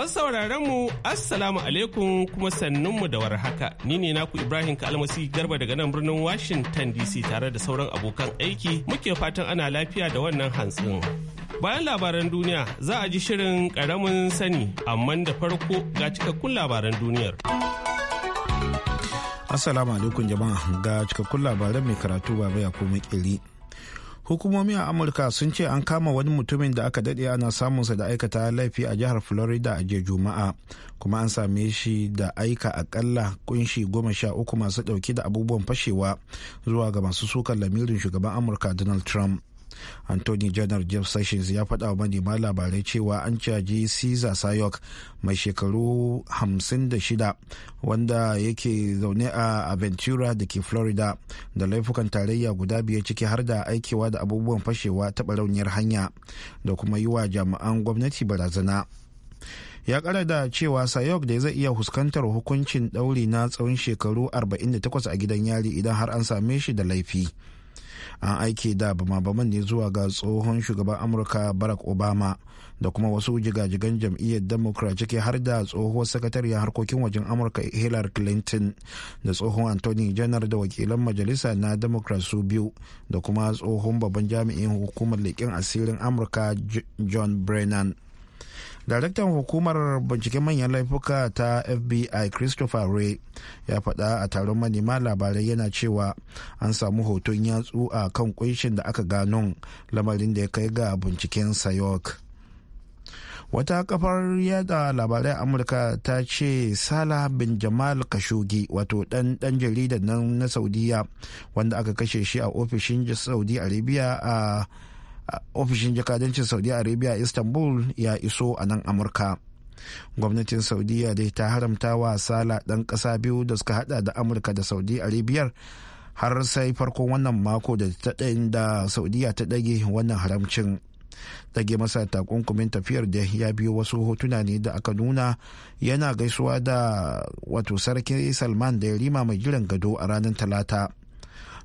Masu sauraron mu Assalamu alaikum kuma sannunmu da warhaka. Ni ne naku Ibrahim Kalmasi Garba daga nan birnin Washington DC tare da sauran abokan aiki muke fatan ana lafiya da wannan hantsin. Bayan labaran duniya za a ji shirin karamin sani amma da farko ga cikakkun labaran duniyar. Assalamu alaikum jama'a ga cikakkun labaran mai karatu baba ya ko makeri. hukumomi a amurka sun ce an kama wani mutumin da aka daɗe ana samunsa da aikata laifi a jihar florida a jiya juma'a kuma an same shi da aika akalla kunshi goma sha uku masu ɗauki da abubuwan fashewa zuwa ga masu sukan lamirin shugaban amurka donald trump anthony janar jeff sessions ya faɗa wa manema labarai cewa an caji caesar sayok mai shekaru 56 wanda yake zaune a aventura da ke florida da laifukan tarayya guda biyar ciki har da aikewa da abubuwan fashewa ta barauniyar hanya da kuma yi wa jami'an gwamnati barazana ya kara da cewa sayok da zai iya fuskantar hukuncin ɗauri na tsawon shekaru 48 a gidan yari idan har an same shi da laifi. an aike da bama-baman ne zuwa ga tsohon shugaban amurka barack obama da kuma wasu jigajigan jam'iyyar democrat ciki har da tsohuwar sakatariyar harkokin wajen amurka hillary clinton da tsohon anthony janar da wakilan majalisa na democrat su biyu da kuma tsohon babban jami'in hukumar leƙen asirin amurka john brennan daraktan hukumar binciken manyan laifuka ta fbi christopher ray ya faɗa a taron manema labarai yana cewa an samu hoton yatsu a kan kunshin da aka gano lamarin da ya kai ga binciken sayok wata kafar yada labarai amurka ta ce sala bin jamal kashogi wato dan dan jaridan nan na saudiya wanda aka kashe shi a ofishin saudi arabia a uh, ofishin jakadancin saudi arabia istanbul ya iso a nan amurka gwamnatin saudiya dai ta haramta wa sala ɗan ƙasa biyu da suka hada da amurka da saudi arabiyar har sai farko wannan mako da ta da saudiya ta ɗage wannan haramcin dage masa takunkumin tafiyar da ya biyo wasu hotuna ne da aka nuna yana gaisuwa da wato sarki salman da ya rima mai jiran gado a ranar talata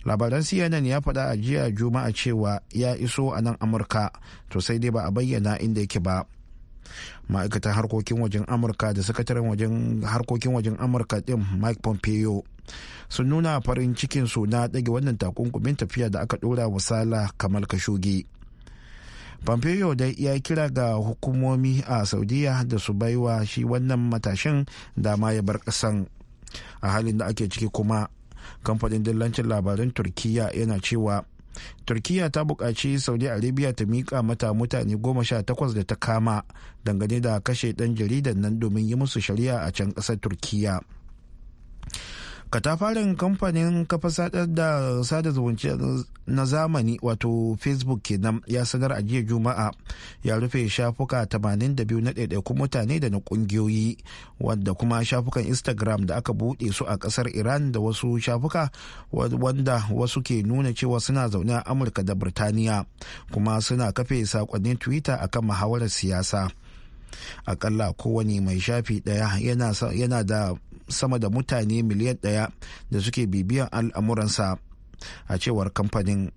labaran cnn ya faɗa a jiya juma'a cewa ya iso a nan amurka to sai dai ba a bayyana inda yake ba ma'aikatan harkokin wajen amurka da sakataren wajen harkokin wajen amurka din mike pompeo sun nuna farin cikin su na ɗage wannan takunkumin tafiya da aka ɗora wa sala kamal kashogi pompeo dai ya kira ga hukumomi a saudiya da su baiwa shi wannan matashin dama ya bar ƙasan a halin da ake ciki kuma kamfanin dillancin labaran turkiya yana cewa turkiya ta buƙaci saudi arabia ta miƙa mata mutane goma sha takwas da ta kama dangane da kashe ɗan jaridan nan domin yi musu shari'a a can ƙasar turkiya katafarin kamfanin kafa sada zumunci na zamani wato facebook kenan ya sanar a jiya juma'a ya rufe shafuka 82 na ɗaiɗaikun mutane da na ƙungiyoyi wanda kuma shafukan instagram da aka buɗe su a ƙasar iran da wasu shafuka wanda wasu ke nuna cewa suna zaune a amurka da birtaniya kuma suna kafe saƙonnin twitter akan muhawarar siyasa akalla kowane mai shafi daya yana da sama da mutane miliyan ɗaya da suke bibiyan al'amuransa a cewar kamfanin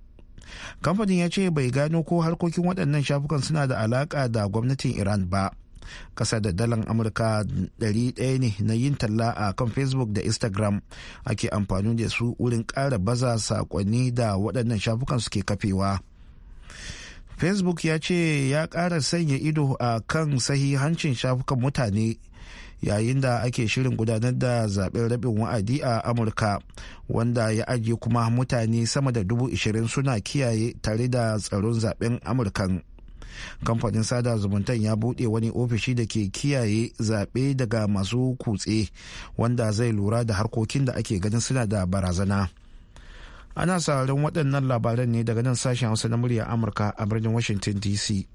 kamfanin ya ce bai gano ko harkokin waɗannan shafukan suna da alaƙa da gwamnatin iran ba ƙasa da dalan amurka 100 ne na yin talla a kan facebook da instagram ake amfani da su wurin ƙara baza sakonni da waɗannan shafukan suke kafewa facebook ya ce ya ƙara sanya ido a kan sahihancin shafukan mutane yayin da ake shirin gudanar da zaben rabin wa'adi a amurka wanda ya ajiye kuma mutane sama da dubu ishirin suna kiyaye tare da tsaron zaben amurkan kamfanin sada zumunta ya buɗe wani ofishi da ke kiyaye zaɓe daga masu kutse wanda zai lura da harkokin da ake ganin suna da barazana ana sauraron waɗannan labaran ne daga nan sashen hausa na murya amurka a birnin washington dc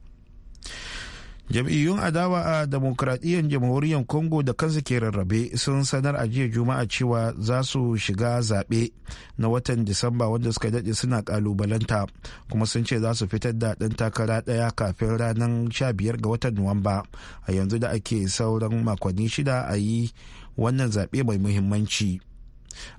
jam'iyyun adawa a demokradiyyar jamhuriyar congo da kansu ke rarrabe sun sanar a jiya juma'a cewa za su shiga zaɓe na watan disamba wanda suka daɗe suna ƙalubalanta kuma sun ce za su fitar da ɗan takara ɗaya kafin ranar 15 ga watan nuwamba a yanzu da ake sauran makonni shida a yi wannan zaɓe mai muhimmanci.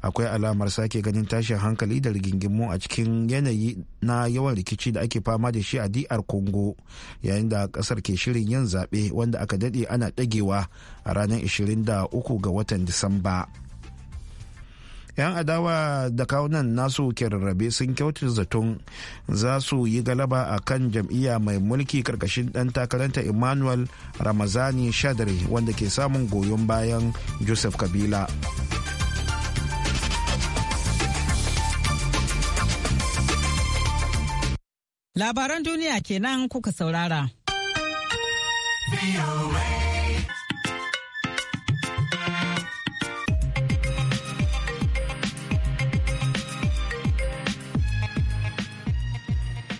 akwai alamar sake ganin tashin hankali da rigingimu a cikin yanayi na yawan rikici da ake fama da shi a DR Congo yayin da kasar ke shirin yin zaɓe wanda aka daɗe ana ɗagewa a ranar 23 ga watan Disamba. 'yan adawa da kawunan nasu ke rarrabe sun kyautar zaton za su yi galaba a kan jam'iyya mai mulki karkashin dan takaranta emmanuel ramazani shadari wanda ke samun goyon bayan joseph kabila Labaran duniya kenan kuka saurara.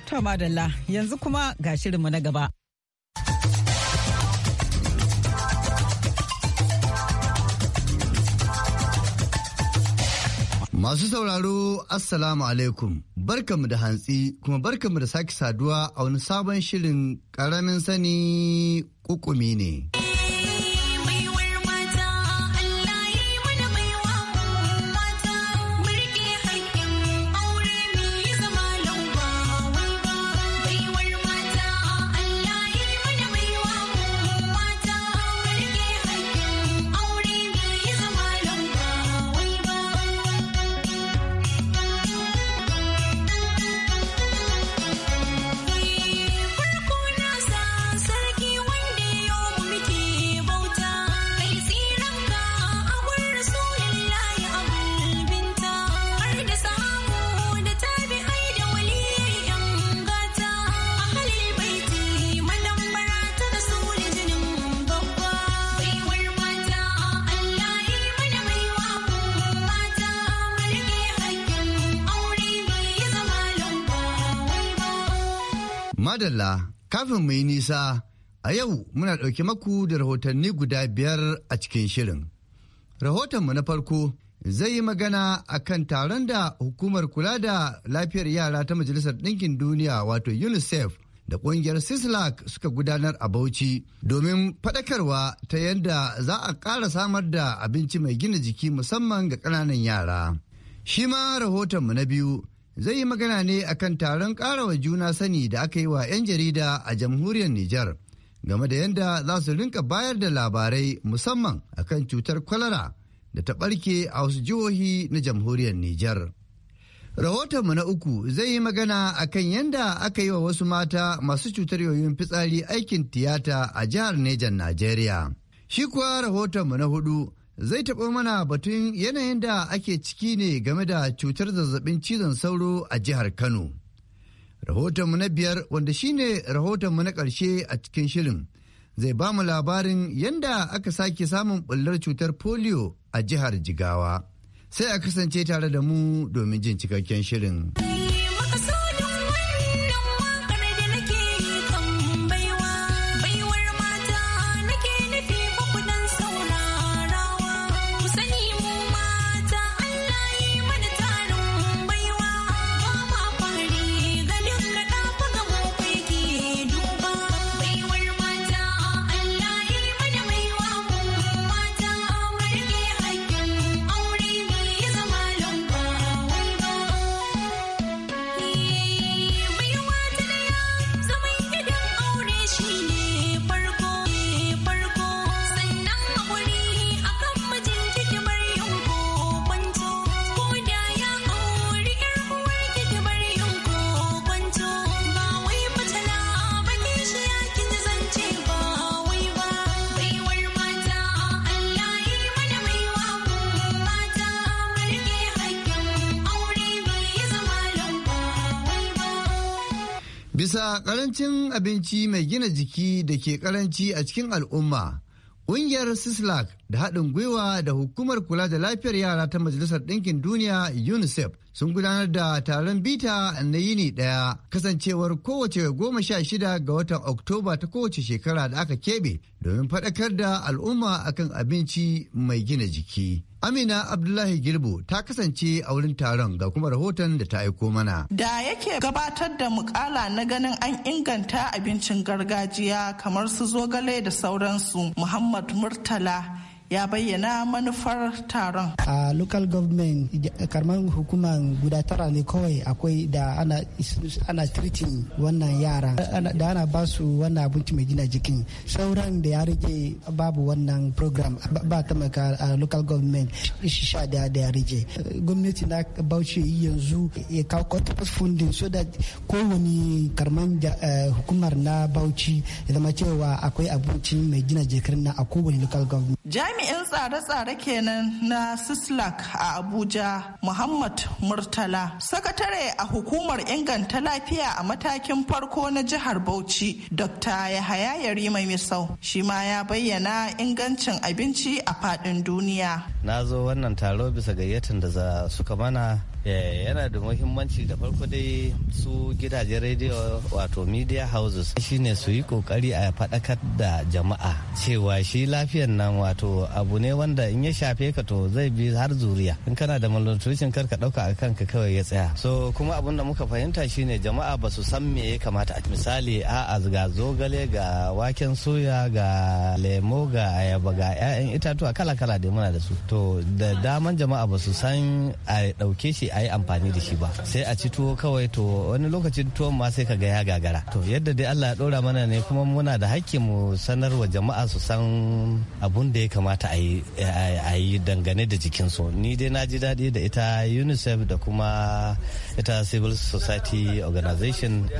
To madalla yanzu kuma ga shirinmu na gaba. Masu sauraro Assalamu alaikum barkamu da hantsi kuma barkamu da sake saduwa a wani sabon shirin ƙaramin sani ƙuƙumi ne Madalla, kafin mu yi nisa, a yau muna ɗauki maku da rahotanni guda biyar a cikin shirin. Rahotonmu na farko zai yi magana a kan taron da hukumar kula da lafiyar yara ta Majalisar Ɗinkin Duniya wato UNICEF da ƙungiyar Sislak suka gudanar a Bauchi domin faɗakarwa ta yadda za a ƙara samar da abinci mai gina jiki musamman ga ƙananan yara. Shima ma rahotonmu na biyu. zai yi magana ne akan taron karawa juna sani da aka yi wa 'yan jarida a jamhuriyar Nijar game da yadda za su rinka bayar da labarai musamman akan cutar kwalara da ta ɓarke a wasu jihohi na jamhuriyar Nijar. Rahotonmu na uku zai yi magana akan yadda aka yi wa wasu mata masu cutar yoyin fitsari aikin tiyata a jihar Nijar, Najeriya. Shi kuwa rahotonmu na hudu zai taɓa mana batun yanayin da ake ciki ne game da cutar zazzabin cizon sauro a jihar Kano. Rahotonmu na biyar wanda shi ne rahotonmu na ƙarshe a cikin shirin zai ba mu labarin yanda aka sake samun ɓullar cutar polio a jihar Jigawa. Sai a kasance tare da mu domin jin cikakken shirin. bisa karancin abinci mai gina jiki da ke karanci a cikin al'umma ƙungiyar sislak da haɗin gwiwa da hukumar kula da lafiyar yara ta majalisar ɗinkin duniya unicef sun gudanar da taron bita na yini ɗaya kasancewar kowace goma sha shida ga watan oktoba ta kowace shekara da aka kebe, domin faɗakar da al'umma akan abinci mai gina jiki. Amina Abdullahi Girbo ta kasance a wurin taron ga kuma rahoton da ta aiko mana. Da yake gabatar da mukala na ganin an inganta abincin gargajiya kamar su zogale da sauransu Muhammad Murtala ya bayyana manufar taron. A local government karman hukumar guda tara ne kawai akwai da ana, ana treating wannan yara da ana ba su wannan abinci mai gina jikin sauran da ya rage babu wannan program ba ta maka a local government sha da ya rage. Gwamnati na bauchi yanzu ya kawo corpus funding so that kowane karman eh, hukumar na bauchi ya zama cewa akwai abinci mai gina jikin na a kowane local government. Jami'in tsare-tsare kenan na Sislak a Abuja, Muhammad Murtala, sakatare a hukumar inganta lafiya a matakin farko na jihar Bauchi, Dr. Yahaya Yarima Misau, shi ma ya bayyana ingancin abinci a faɗin duniya. Na zo wannan taro bisa gayyatar da za suka mana Eh, yana da muhimmanci da farko dai su gidajen rediyo wato media houses shine su yi kokari a faɗakar da jama'a cewa shi lafiyar nan wato abu ne wanda in ya shafe ka to zai bi har zuriya in kana da malnutrition kar ka ɗauka a kanka kawai ya tsaya so kuma abin da muka fahimta shine jama'a ba su san me ya kamata misali a'a ga zogale ga waken soya ga lemo ga ayaba ga 'ya'yan itatuwa kala-kala dai muna da su to da daman jama'a ba su san a ɗauke shi a yi amfani da shi ba sai a ci tuwo kawai to wani lokacin tuwo ma sai ka ga ya gagara to yadda dai Allah ya dora mana ne kuma muna da hakki mu sanar wa jama'a su san abun da ya kamata a yi dangane da jikin su ni dai na ji daɗi da ita UNICEF da kuma ita Civil Society Organization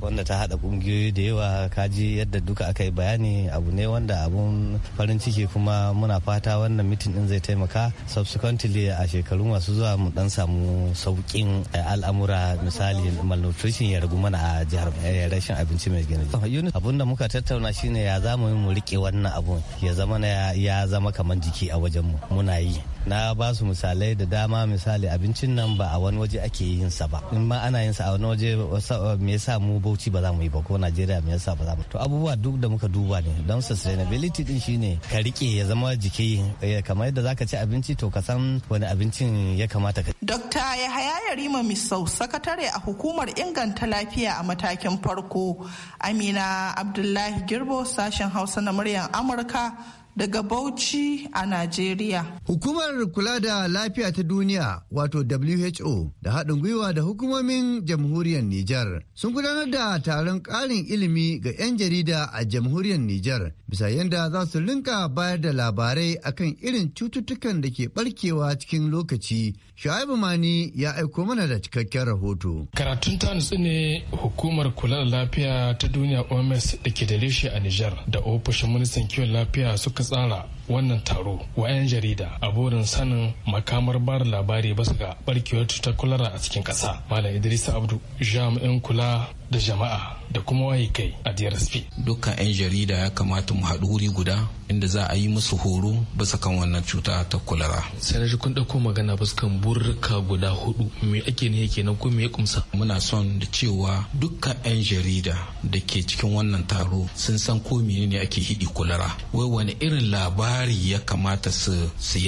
wanda ta haɗa ƙungiyoyi da yawa kaji yadda duka aka yi bayani abu ne wanda abun farin ciki kuma muna fata wannan mitin din zai taimaka subsequently a shekarun masu zuwa mu dan samu saukin eh, al'amura misali malnutrition ya ragu mana a jihar eh, rashin abinci mai gina jiki abun da muka tattauna shine ya zamu mu rike wannan abun ya zama ya zama kamar jiki a wajen mu muna yi na ba su misalai da dama misali abincin nan ba a wani waje ake yin sa ba in ma ana yin sa a wani waje me yasa mu bauchi ba za mu yi ba ko Najeriya me yasa ba za mu to abubuwa duk da muka duba ne don sustainability din shine ka rike ya zama jiki eh, kamar yadda zaka ci abinci to ka san wani abincin ya kamata ka Dr. Dr. Yahaya Yarima Misau, sakatare a hukumar inganta lafiya a matakin farko. Amina Abdullahi Girbo, sashen Hausa na muryar Amurka daga Bauchi a Najeriya. Hukumar kula da lafiya ta duniya wato WHO da haɗin gwiwa da hukumomin jamhuriyar Nijar sun gudanar da taron ƙarin ilimi ga 'yan jarida a jamhuriyar Nijar bisa yadda za su linka bayar da labarai akan irin cututtukan da ke ɓarkewa cikin lokaci. Shu'aibu Mani ya aiko mana da cikakken rahoto. Karatun ta nutsu ne hukumar kula da lafiya ta duniya OMS da ke da a Nijar da ofishin ministan kiwon lafiya suka 杀了。wannan taro wa 'yan jarida a burin sanin makamar bar labari ba su ga barkewar cutar kulara a cikin ƙasa malam idris abdu jami'in kula da jama'a da kuma waye kai a DRSP. Dukkan 'yan jarida ya kamata mu haɗu wuri guda inda za a yi musu horo bisa kan wannan cuta ta kulara. Sai na ji kun ɗauko magana kan burka guda hudu me ake ne yake nan ko me ya kumsa. Muna son da cewa dukkan 'yan jarida da ke cikin wannan taro sun san ko menene ake hidi kulara. Wai wani irin labari tsari ya kamata su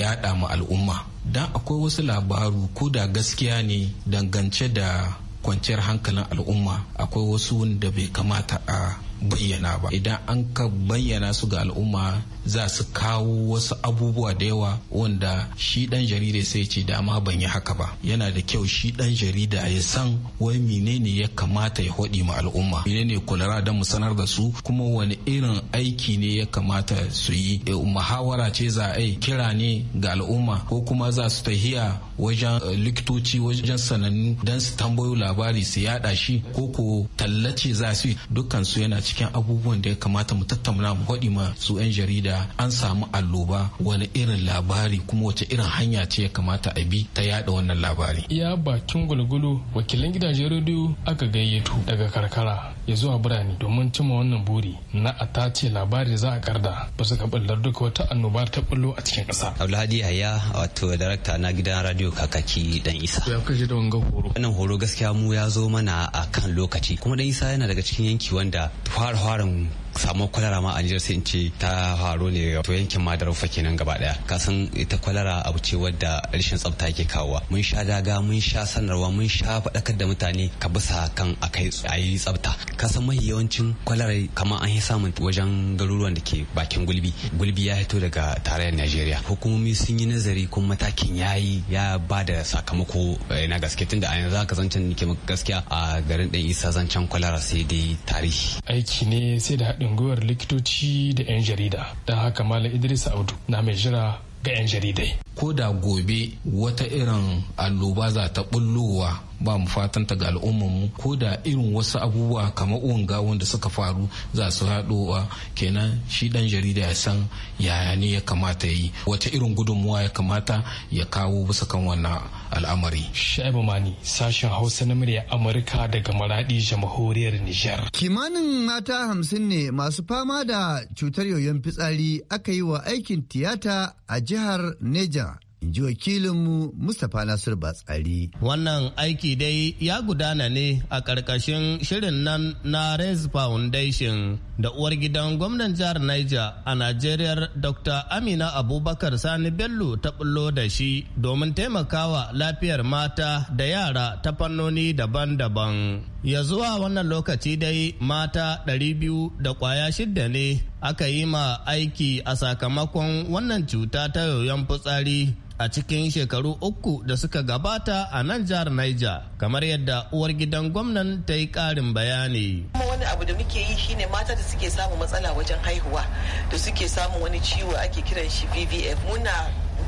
yada ma al'umma don akwai wasu labaru ko da gaskiya ne dangance da kwanciyar hankalin al'umma akwai wasu wanda bai kamata a bayyana ba idan an ka bayyana su ga al'umma za su kawo wasu abubuwa da yawa wanda shi dan jarida sai ce dama ban yi haka ba yana da kyau shi dan jarida ya san wai menene ya kamata ya hodi ma al'umma menene kulara da mu sanar da su kuma wani irin aiki ne ya kamata su yi e, muhawara ce za a kira ne ga al'umma ko kuma za su tahiya wajen e, likitoci wajen sanannu dan su tambayo labari su yada shi ko ko tallace za su dukkan su yana cikin abubuwan da ya kamata mu tattauna mu gwadi ma su 'yan jarida an samu alloba wani irin labari kuma wace irin hanya ce ya kamata a bi ta yada wannan labari. Iya bakin gulgulu wakilan gidajen rediyo aka gayyato daga karkara ya zuwa birane domin cimma wannan buri na a tace labari da za a karda ba su kaballar duka wata annoba ta bullo a cikin ƙasa. Abdulhadi Yahya wato darakta na gidan radio kakaki dan Isa. Ya kashe da wanga horo. Wannan horo gaskiya mu ya zo mana a kan lokaci kuma dan Isa yana daga cikin yanki wanda fara-farin samu kwalara ma a Nijar sai in ce ta faru ne to yankin rufa kenan gaba daya ka san ita kwalara abu ce wadda rashin tsafta yake kawowa mun sha daga mun sha sanarwa mun sha faɗakar da mutane ka bisa kan akai ayi tsafta ka san mai yawancin kwalara kamar an yi samun wajen garuruwan da ke bakin gulbi gulbi ya fito daga tarayyar Najeriya hukumomi sun yi nazari kuma matakin ya yi ya ba da sakamako eh, na gaske tun da a yanzu haka zancen gaskiya a garin dan isa zancen kwalara sai dai tarihi aiki ne sai da haɗin unguwar likitoci da 'yan jarida don haka malam idris Audu na mai jira ga 'yan jaridai ko da gobe wata irin alloba za ta bullowa ba mu fatan ta ga mu ko da irin wasu abubuwa kamar unga wanda suka faru za su haɗowa kenan shi ɗan jarida ya san yaya ne ya kamata yi wata irin gudunmuwa ya kamata ya kawo bisa kan wannan al'amari. Shaibu Mani sashen Hausa na murya Amurka daga Maradi jamhuriyar Nijar. Kimanin mata hamsin ne masu fama da cutar yoyon fitsari aka yi wa aikin tiyata a jihar Neja In ji wakilinmu Mustapha Nasir Batsari. Wannan aiki dai ya gudana ne a ƙarƙashin shirin nan na Raise Foundation da uwar gidan gwamnan jihar Niger a Najeriya Dr. Amina Abubakar Sani Bello ta bullo da shi domin taimakawa lafiyar mata da yara ta fannoni daban-daban. Ya zuwa wannan lokaci dai mata 200 da kwaya shidda ne aka yi ma aiki a sakamakon wannan cuta ta yoyon fitsari a cikin shekaru uku da suka gabata a nan jihar Niger kamar yadda uwar gidan gwamnan ta yi karin bayani. Kuma wani abu da muke yi shine mata da suke samun matsala wajen haihuwa da suke samun wani ciwo ake kiran shi VVF muna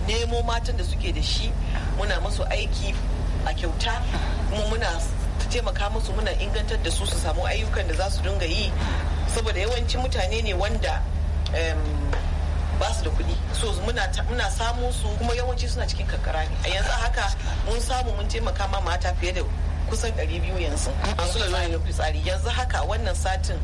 nemo matan da suke da shi muna masu aiki a kyauta kuma muna taimaka musu muna ingantar da su su samu ayyukan da za su dinga yi saboda yawancin mutane ne wanda ba su da kuɗi so muna muna samu su kuma yawanci suna cikin kankara ne a yanzu haka mun samu mun taimaka ma mata fiye da kusan 200 yanzu an su da fitsari yanzu haka wannan satin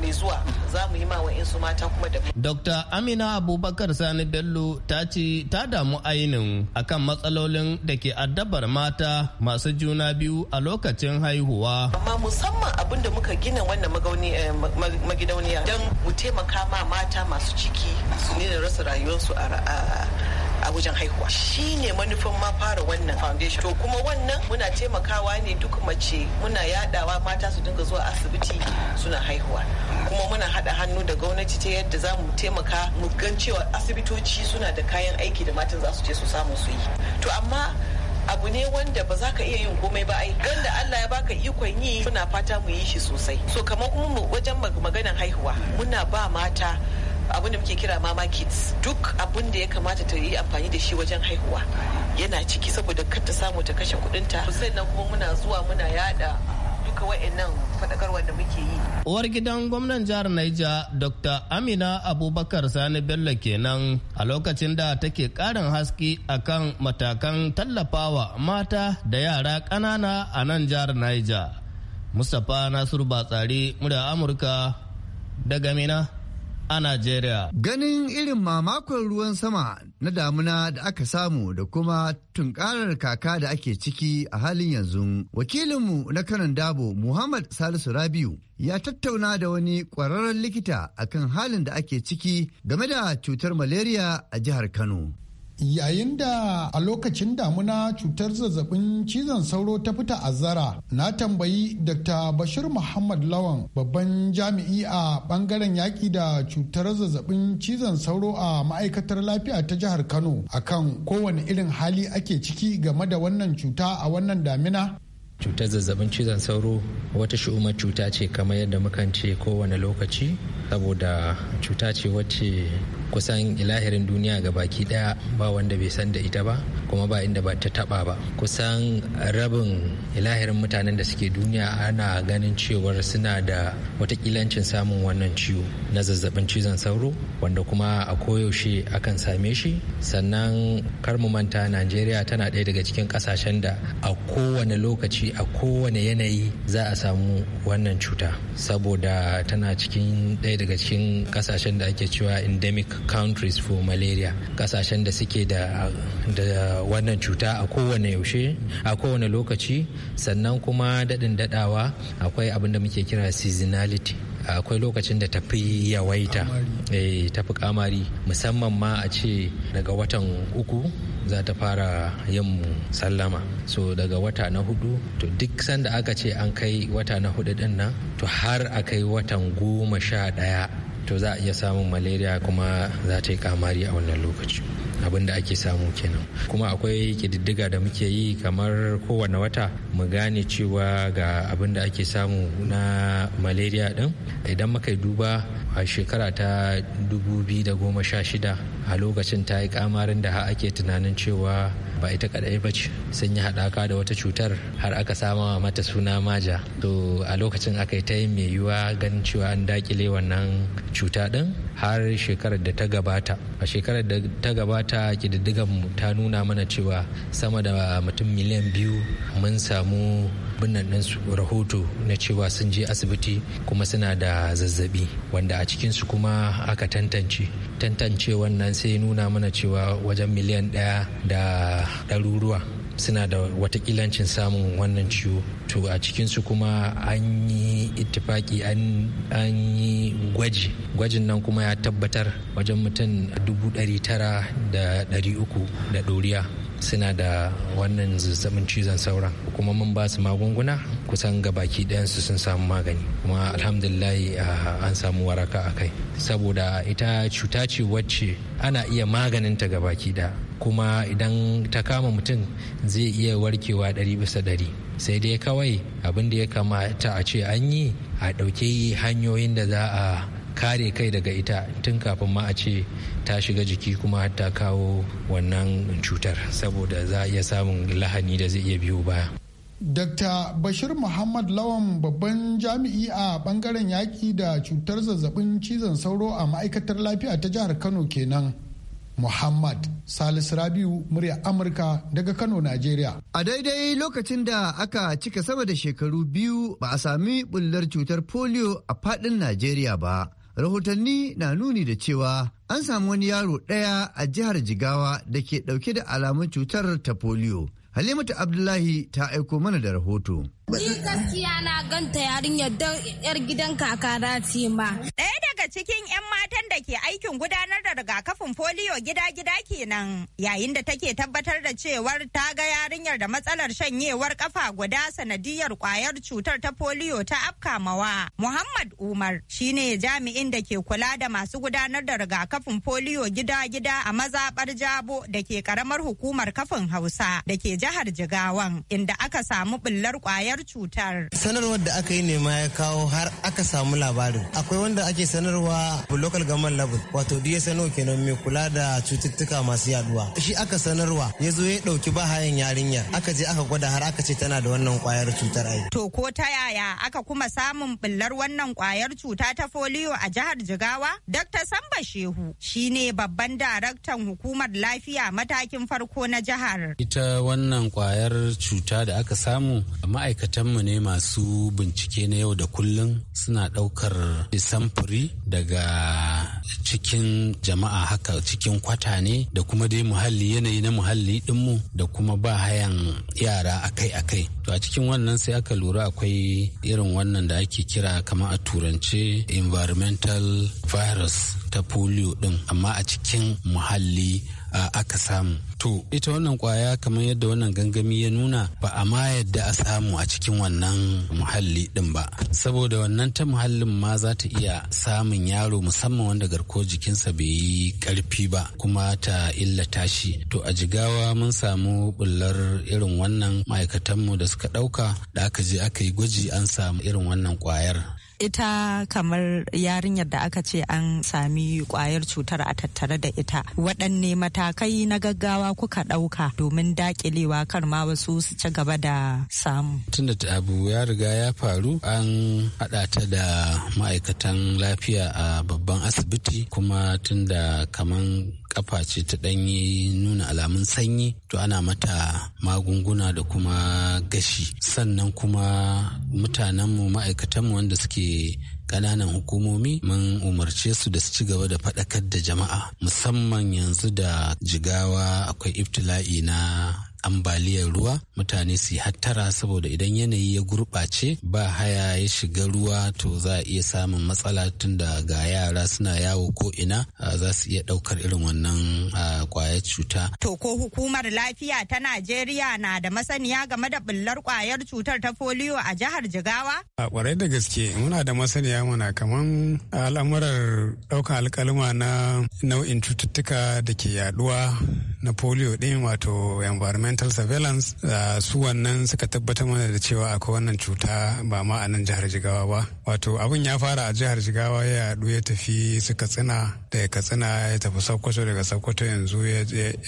mai zuwa za mu yi ma insu mata kuma da Dr. Amina Abubakar Sani Bello ta ce ta damu ainin akan matsalolin da ke addabar mata masu juna biyu a lokacin haihuwa. Amma musamman abin da muka gina wannan eh, magidauniya don mu taimaka ma mata masu ciki su ne da rasa rayuwarsu a a wajen haihuwa shi ne manufan ma fara wannan foundation to kuma wannan muna taimakawa ne duk mace muna yadawa mata su dinga zuwa asibiti suna haihuwa kuma muna haɗa hannu da gwamnati ta yadda za mu taimaka mu gan cewa asibitoci suna da kayan aiki da matan za su je su samu su yi to amma abu ne wanda ba za ka iya yin komai ba ai ganda Allah ya baka ikon yi muna fata mu yi shi sosai so kamar kuma wajen maganan haihuwa muna ba mata abinda muke kira mama kids duk abin da ya kamata ta yi amfani da shi wajen haihuwa yana ciki saboda kar ta samu ta kashe kudinta sannan kuma muna zuwa muna yada duka wa'annan faɗakarwar da muke yi. Uwar gidan gwamnan jihar Naija Dr. Amina Abubakar Sani Bello kenan a lokacin da take ƙarin haske akan matakan tallafawa mata da yara ƙanana a nan jihar Naija. Mustapha Nasiru Batsari, murya Amurka daga Mina. a Najeriya. Ganin irin mamakon ruwan sama na damuna da aka samu da kuma tunkarar kaka da ake ciki a halin yanzu. Wakilinmu na kanan dabo Muhammad Salisu Rabiu ya tattauna da wani kwararren likita akan halin da ake ciki game da cutar malaria a jihar Kano. Yayin da a lokacin damuna cutar zazzabin cizon sauro ta fita zara na tambayi Dr. Bashir Muhammad Lawan babban jami'i a bangaren yaƙi da cutar zazzabin cizon sauro a ma'aikatar lafiya ta jihar Kano akan kowane irin hali ake ciki game da wannan cuta a wannan damina. cutar zazzabin cizon sauro wata shi'umar cuta ce kamar yadda mukan ce kowane lokaci saboda cuta ce wacce kusan ilahirin duniya ga baki daya ba wanda bai san da ita ba kuma ba inda ba ta taba ba kusan rabin ilahirin mutanen da suke duniya ana ganin cewar suna da watakilancin samun wannan ciwo na zazzabin cizon sauro wanda kuma a koyaushe akan same shi sannan karmu manta najeriya tana ɗaya daga cikin kasashen da a kowane lokaci a kowane yanayi za a samu wannan cuta saboda tana cikin ɗaya daga cikin kasashen da ake cewa endemic countries for malaria kasashen da suke da wannan cuta a kowane yaushe a kowane lokaci sannan kuma daɗin daɗawa akwai abin da muke kira seasonality akwai lokacin da tafi yawaita eh, tafi kamari musamman ma a ce daga watan uku za ta fara yin sallama so daga wata na hudu to duk sanda aka ce an kai wata na hudu din nan to har a kai watan goma sha daya to za a iya samun malaria kuma za ta yi kamari a wannan lokaci abin da ake samu kenan kuma akwai kididdiga da muke yi kamar kowane wata mu gane cewa ga abin da ake samu na malaria din idan muka duba a shekara ta 2016 a lokacin ta yi kamarin da ha ake tunanin cewa ba ita kadai ba ce sun yi haɗaka da wata cutar har aka sama mata suna maja to a lokacin aka yi ta yin mai yiwuwa ganin cewa an dakile wannan cuta din har shekarar da ta gabata a shekarar da ta gabata ta kididdigan mu ta nuna mana cewa sama da mutum miliyan biyu mun samu binnan ɗinsu rahoto na cewa sun je asibiti kuma suna da zazzabi wanda a cikinsu kuma aka tantance tantance wannan sai nuna mana cewa wajen miliyan ɗaya da ɗaruruwa suna da watakilancin samun wannan ciwo to a cikinsu kuma an yi ittifaki an yi gwaji gwajin nan kuma ya tabbatar wajen mutum dubu da 300 da ɗoriya suna da wannan zazzabin cizon sauran kuma mun ba su magunguna kusan gabaki su sun samu magani kuma alhamdulillah ah, an samu waraka a kai saboda ita cuta ce wacce ana iya maganin maganinta gabaki ɗaya kuma idan ta kama mutum zai iya warkewa ɗari bisa ɗari sai dai kawai abin da ya kamata a ce an yi a ɗauke hanyoyin da za a kare kai daga ita tun kafin ma a ce ta shiga jiki kuma ta kawo wannan cutar saboda za a iya samun lahani da zai iya biyo baya. Dr. Bashir Muhammad Lawan babban jami'i a bangaren yaƙi da cutar zazzabin cizon sauro a ma'aikatar lafiya ta jihar Kano kenan. Muhammad Salisu Rabiu murya Amurka daga Kano, Najeriya. A daidai lokacin da aka cika sama da shekaru biyu ba a sami bullar cutar polio a faɗin Najeriya ba. rahotanni na nuni da cewa an samu wani yaro ɗaya a jihar jigawa da ke ɗauke da alamun cutar ta polio halimatu abdullahi ta aiko mana da rahoto ni gaskiya na ganta yarinyar yar gidan kaka ta ma eh, cikin 'yan matan da ke aikin gudanar da rigakafin foliyo gida-gida kenan yayin da take tabbatar da cewar ta ga yarinyar da matsalar shanyewar kafa guda sanadiyar kwayar cutar ta foliyo ta afkamawa. Muhammad Umar shine jami'in da ke kula da masu gudanar da rigakafin foliyo gida-gida a mazabar Jabo da ke karamar hukumar kafin Hausa da ke jihar Jigawan inda aka samu bullar kwayar cutar. Sanarwar da aka yi nema ya kawo har aka samu labarin. Akwai wanda ake sanarwa sanarwa local government level wato DSNO kenan mai kula da cututtuka masu yaduwa shi aka sanarwa ya zo ya dauki bahayan yarinyar aka je aka gwada har aka ce tana da wannan kwayar cutar ai to ko ta yaya aka kuma samun billar wannan kwayar cuta ta folio a jihar Jigawa Dr. Samba Shehu shine babban daraktan hukumar lafiya matakin farko na jihar ita wannan kwayar cuta da aka samu ma'aikatanmu ne masu bincike na yau da kullum suna ɗaukar samfuri daga cikin jama'a haka cikin kwata ne da kuma dai muhalli yanayi na muhalli dinmu da kuma ba hayan yara akai-akai to a cikin wannan sai aka lura akwai irin wannan da ake kira kamar a turance environmental virus ta polio din amma a cikin muhalli aka samu to ita wannan kwaya kamar yadda wannan gangami ya nuna ba a ma yadda a samu a cikin wannan muhalli din ba saboda wannan ta muhallin ma za ta iya samun yaro musamman wanda garko jikinsa bai yi karfi ba kuma ta illata shi to a jigawa mun samu bullar irin wannan ma'aikatanmu da suka ɗauka da aka je aka yi gwaji an samu irin wannan kwayar ita kamar yarinyar da aka ce an sami kwayar cutar a tattare da ita waɗanne matakai na gaggawa kuka ɗauka domin daƙilewa kar ma wasu su ci gaba da samu tunda abu ya riga ya faru an haɗa ta da ma'aikatan lafiya a babban asibiti kuma tunda kaman kafa ce ta ɗanyi nuna alamun sanyi to ana mata magunguna da kuma gashi sannan kuma mutanenmu ma'aikatanmu wanda suke ƙananan hukumomi mun umarce su da su ci gaba da faɗakar da jama'a musamman yanzu da jigawa akwai iftila'i na ambaliyar ruwa mutane su hattara saboda idan yanayi ya gurɓace ba haya ya shiga ruwa to za a iya samun matsala tun da ga yara suna yawo ko ina za su iya ɗaukar irin wannan kwayar cuta. To ko hukumar lafiya ta Najeriya na da masaniya game da bullar kwayar cutar ta foliyo a jihar Jigawa? A kwarai da gaske muna da masaniya muna kaman al'amurar ɗaukar alƙaluma na nau'in cututtuka da ke Yaɗuwa. na polio din wato environmental surveillance uh, su wannan suka tabbatar mana da cewa akwai wannan cuta ba ma a nan jihar jigawa ba wato abin ya fara a jihar jigawa ya yaɗu ya tafi su katsina daga katsina ya tafi sokoto daga sokoto yanzu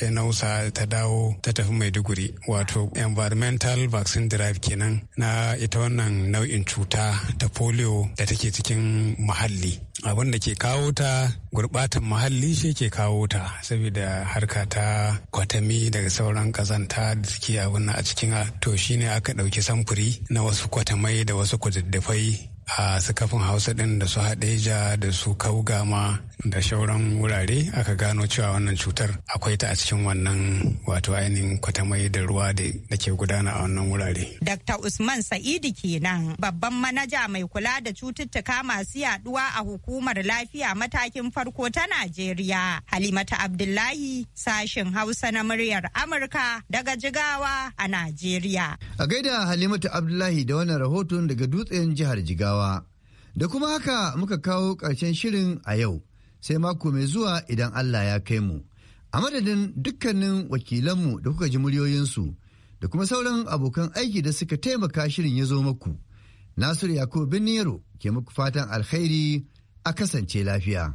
ya nausa ta dawo ta tafi maiduguri wato environmental vaccine drive kenan na ita wannan nau'in cuta ta polio da take cikin muhalli abin da ke kawo ta gurbatan muhalli shi ke kawo ta saboda harka ta kwatami daga sauran kazanta da suke abin a cikin to shine aka ɗauki samfuri na wasu kwatamai da wasu kududdufai a sakafin hausa din da su haɗeja da su kaugama da shauran wurare aka gano cewa wannan cutar akwai ta a cikin wannan wato ainihin kwatamai da ruwa da ke gudana a wannan wurare. Dr. Usman Sa'idu kenan babban manaja mai kula da cututtuka masu yaduwa a hukumar lafiya matakin farko ta Najeriya. Halimata Abdullahi sashen Hausa na muryar Amurka daga Jigawa a Najeriya. A gaida Halimata Abdullahi da wannan rahoton daga dutsen jihar Jigawa. Adamawa. Da kuma haka muka kawo ƙarshen shirin a yau, sai mako mai zuwa idan Allah ya kai mu. A madadin dukkanin wakilanmu da kuka ji muryoyinsu da kuma sauran abokan aiki da suka taimaka shirin ya zo maku. Nasiru Yakubu Bin ke muku fatan alkhairi a kasance lafiya.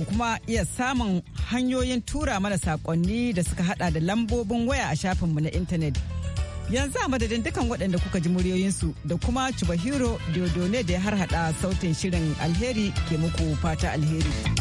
ku kuma iya samun hanyoyin tura mana sakonni da suka hada da lambobin waya a shafinmu na intanet. Yanzu a madadin dukan waɗanda kuka ji muryoyinsu da kuma Chubahiro Diodone da ya harhaɗa sautin shirin alheri ke muku fata alheri.